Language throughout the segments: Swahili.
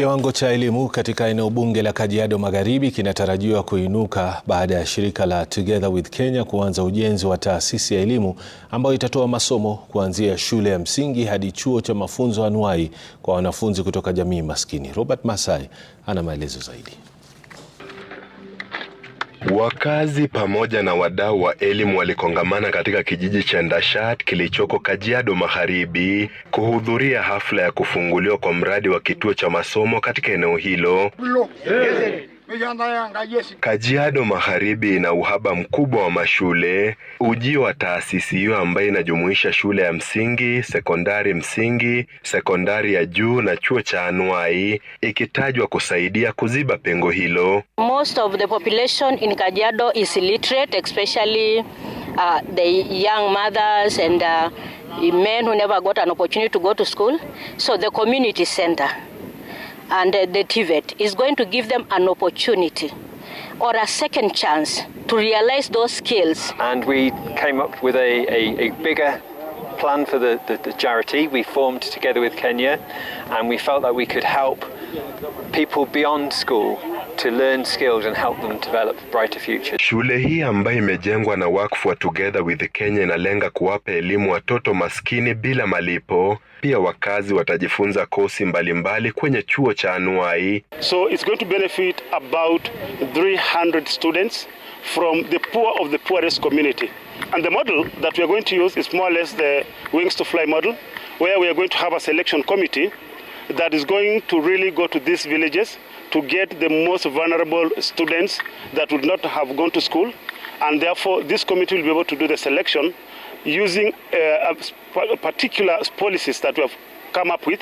Kiwango cha elimu katika eneo bunge la Kajiado Magharibi kinatarajiwa kuinuka baada ya shirika la Together with Kenya kuanza ujenzi wa taasisi ya elimu ambayo itatoa masomo kuanzia shule ya msingi hadi chuo cha mafunzo anuwai kwa wanafunzi kutoka jamii maskini. Robert Masai ana maelezo zaidi. Wakazi pamoja na wadau wa elimu walikongamana katika kijiji cha Ndashat kilichoko Kajiado Magharibi kuhudhuria hafla ya kufunguliwa kwa mradi wa kituo cha masomo katika eneo hilo. Kajiado Magharibi ina uhaba mkubwa wa mashule. Ujio wa taasisi hiyo ambayo inajumuisha shule ya msingi, sekondari msingi, sekondari ya juu na chuo cha anuai ikitajwa kusaidia kuziba pengo hilo. Most of the population in Kajiado is illiterate, especially uh, the young mothers and uh, men who never got an opportunity to go to school. So the community center and uh, the TVET is going to give them an opportunity or a second chance to realize those skills. And we came up with a, a, a bigger plan for the, the, the, charity we formed together with Kenya and we felt that we could help people beyond school to learn skills and help them develop brighter futures. Shule hii ambayo imejengwa na wakfu wa Together with Kenya inalenga kuwapa elimu watoto maskini bila malipo. Pia wakazi watajifunza kosi mbalimbali kwenye chuo cha anuai. So it's going to benefit about 300 students from the poor of the poorest community. And the model that we are going to use is more or less the wings to fly model where we are going to have a selection committee that is going to really go to these villages to get the most vulnerable students that would not have gone to school. And therefore, this committee will be able to do the selection using uh, particular policies that we have come up with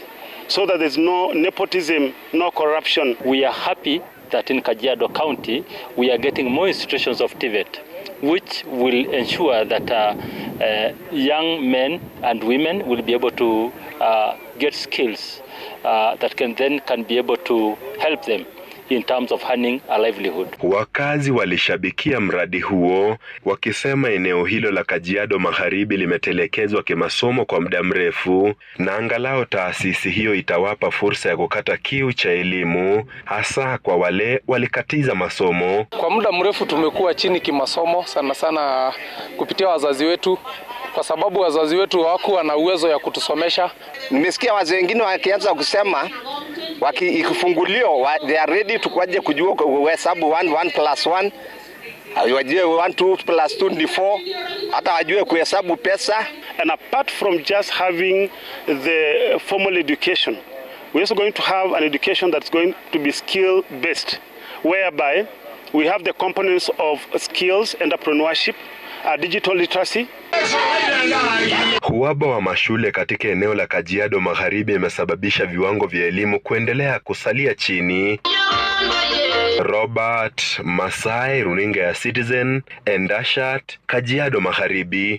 so that there's no nepotism, no corruption. We are happy that in Kajiado County, we are getting more institutions of TVET which will ensure that uh, uh, young men and women will be able to uh, get skills uh, that can then can be able to help them in terms of earning a livelihood. Wakazi walishabikia mradi huo wakisema eneo hilo la Kajiado Magharibi limetelekezwa kimasomo kwa muda mrefu na angalau taasisi hiyo itawapa fursa ya kukata kiu cha elimu hasa kwa wale walikatiza masomo. Kwa muda mrefu tumekuwa chini kimasomo sana sana kupitia wazazi wetu kwa sababu wazazi wetu hawakuwa na uwezo ya kutusomesha. Nimesikia wazee wengine wakianza kusema wakifunguliwa wa, they are ready to kwaje kujua hesabu 1 1 plus 1 wajue 1 2 plus 2 ni 4 hata wajue kuhesabu pesa and apart from just having the formal education we also going to have an education that's going to be skill based whereby we have the components of skills entrepreneurship uh, digital literacy. Uhaba wa mashule katika eneo la Kajiado Magharibi imesababisha viwango vya elimu kuendelea kusalia chini. Robert Masai, runinga ya Citizen, Endashat, Kajiado Magharibi.